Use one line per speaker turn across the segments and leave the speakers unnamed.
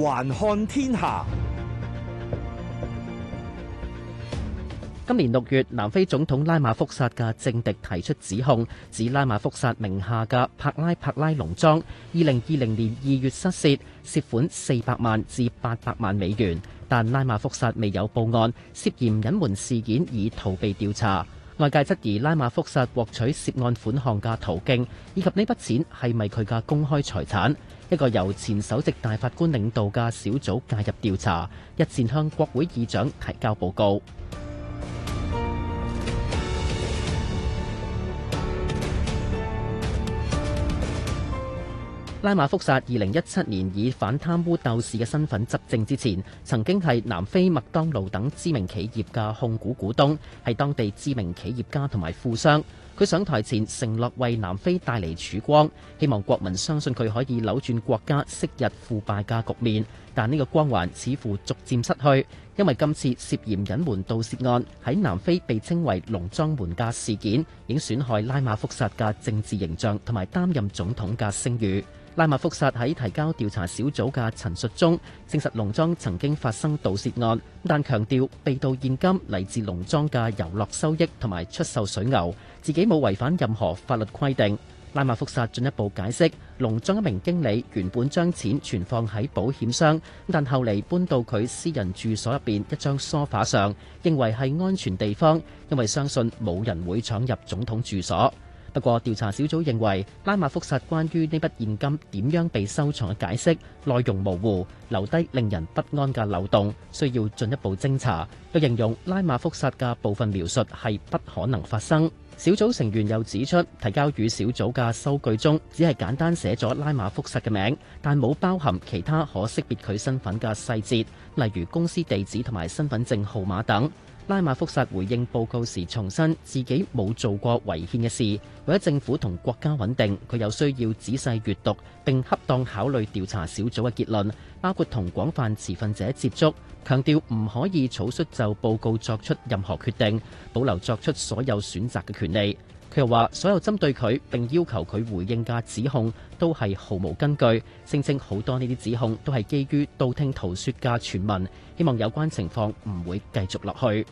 環看天下。今年六月，南非總統拉馬福薩嘅政敵提出指控，指拉馬福薩名下嘅帕拉帕拉農莊，二零二零年二月失竊，涉款四百萬至八百萬美元，但拉馬福薩未有報案，涉嫌隱瞞事件以逃避調查。外界質疑拉馬福薩獲取涉案款項嘅途徑，以及呢筆錢係咪佢嘅公開財產。一個由前首席大法官領導嘅小組介入調查，日前向國會議長提交報告。拉馬福薩二零一七年以反貪污鬥士嘅身份執政之前，曾經係南非麥當勞等知名企業嘅控股股東，係當地知名企業家同埋富商。佢上台前承諾為南非帶嚟曙光，希望國民相信佢可以扭轉國家昔日腐敗嘅局面。但呢個光環似乎逐漸失去，因為今次涉嫌隱瞞盜竊案喺南非被稱為農莊門嘅事件，已經損害拉馬福薩嘅政治形象同埋擔任總統嘅聲譽。拉馬福薩喺提交調查小組嘅陳述中，證實農莊曾經發生盜竊案，但強調被盜現金嚟自農莊嘅遊樂收益同埋出售水牛，自己冇違反任何法律規定。拉馬福薩進一步解釋，農莊一名經理原本將錢存放喺保險箱，但後嚟搬到佢私人住所入邊一張梳化上，認為係安全地方，因為相信冇人會闖入總統住所。不過，調查小組認為拉馬福薩關於呢筆現金點樣被收藏嘅解釋內容模糊，留低令人不安嘅漏洞，需要進一步偵查。佢形容拉馬福薩嘅部分描述係不可能發生。小組成員又指出，提交予小組嘅收據中，只係簡單寫咗拉馬福薩嘅名，但冇包含其他可識別佢身份嘅細節，例如公司地址同埋身份證號碼等。拉馬福薩回應報告時重申自己冇做過違憲嘅事，為咗政府同國家穩定，佢有需要仔細閱讀並恰當考慮調查小組嘅結論，包括同廣泛持份者接觸，強調唔可以草率就報告作出任何決定，保留作出所有選擇嘅權利。佢又話：所有針對佢並要求佢回應嘅指控，都係毫無根據，聲稱好多呢啲指控都係基於道聽途說嘅傳聞。希望有關情況唔會繼續落去。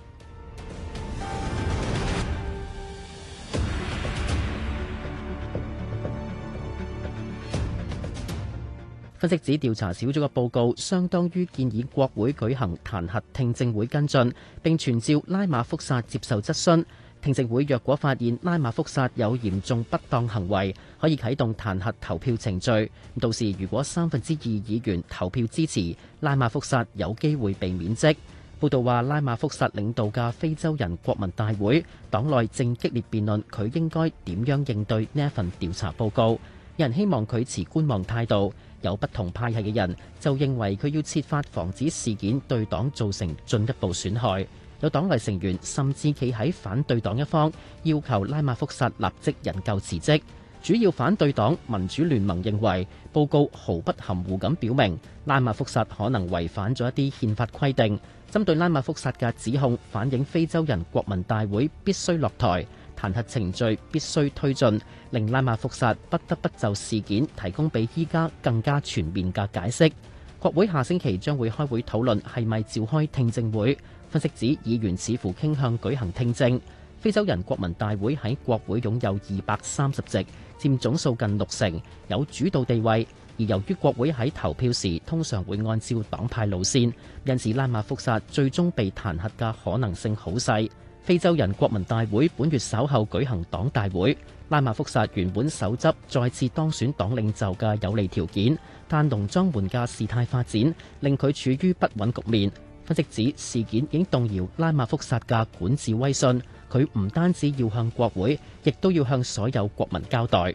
分析指調查小組嘅報告相當於建議國會舉行彈劾聽證會跟進，並傳召拉馬福薩接受質詢。聽證會若果發現拉馬福薩有嚴重不當行為，可以啟動彈劾投票程序。咁到時如果三分之二議員投票支持，拉馬福薩有機會被免職。報道話，拉馬福薩領導嘅非洲人國民大會黨內正激烈辯論佢應該點樣應對呢一份調查報告。有人希望佢持觀望態度，有不同派系嘅人就認為佢要設法防止事件對黨造成進一步損害。有黨內成員甚至企喺反對黨一方，要求拉馬福薩立即引咎辭職。主要反對黨民主聯盟認為報告毫不含糊咁表明，拉馬福薩可能違反咗一啲憲法規定。針對拉馬福薩嘅指控，反映非洲人國民大會必須落台，彈劾程序必須推進，令拉馬福薩不得不就事件提供比依家更加全面嘅解釋。國會下星期將會開會討論係咪召開聽證會。分析指議員似乎傾向舉行聽證。非洲人國民大會喺國會擁有二百三十席，佔總數近六成，有主導地位。而由於國會喺投票時通常會按照黨派路線，因此拉馬福薩最終被彈劾嘅可能性好細。非洲人國民大會本月稍後舉行黨大會，拉馬福薩原本手執再次當選黨領袖嘅有利條件，但農莊門嘅事態發展令佢處於不穩局面。分析指事件已經動搖拉馬福薩嘅管治威信，佢唔單止要向國會，亦都要向所有國民交代。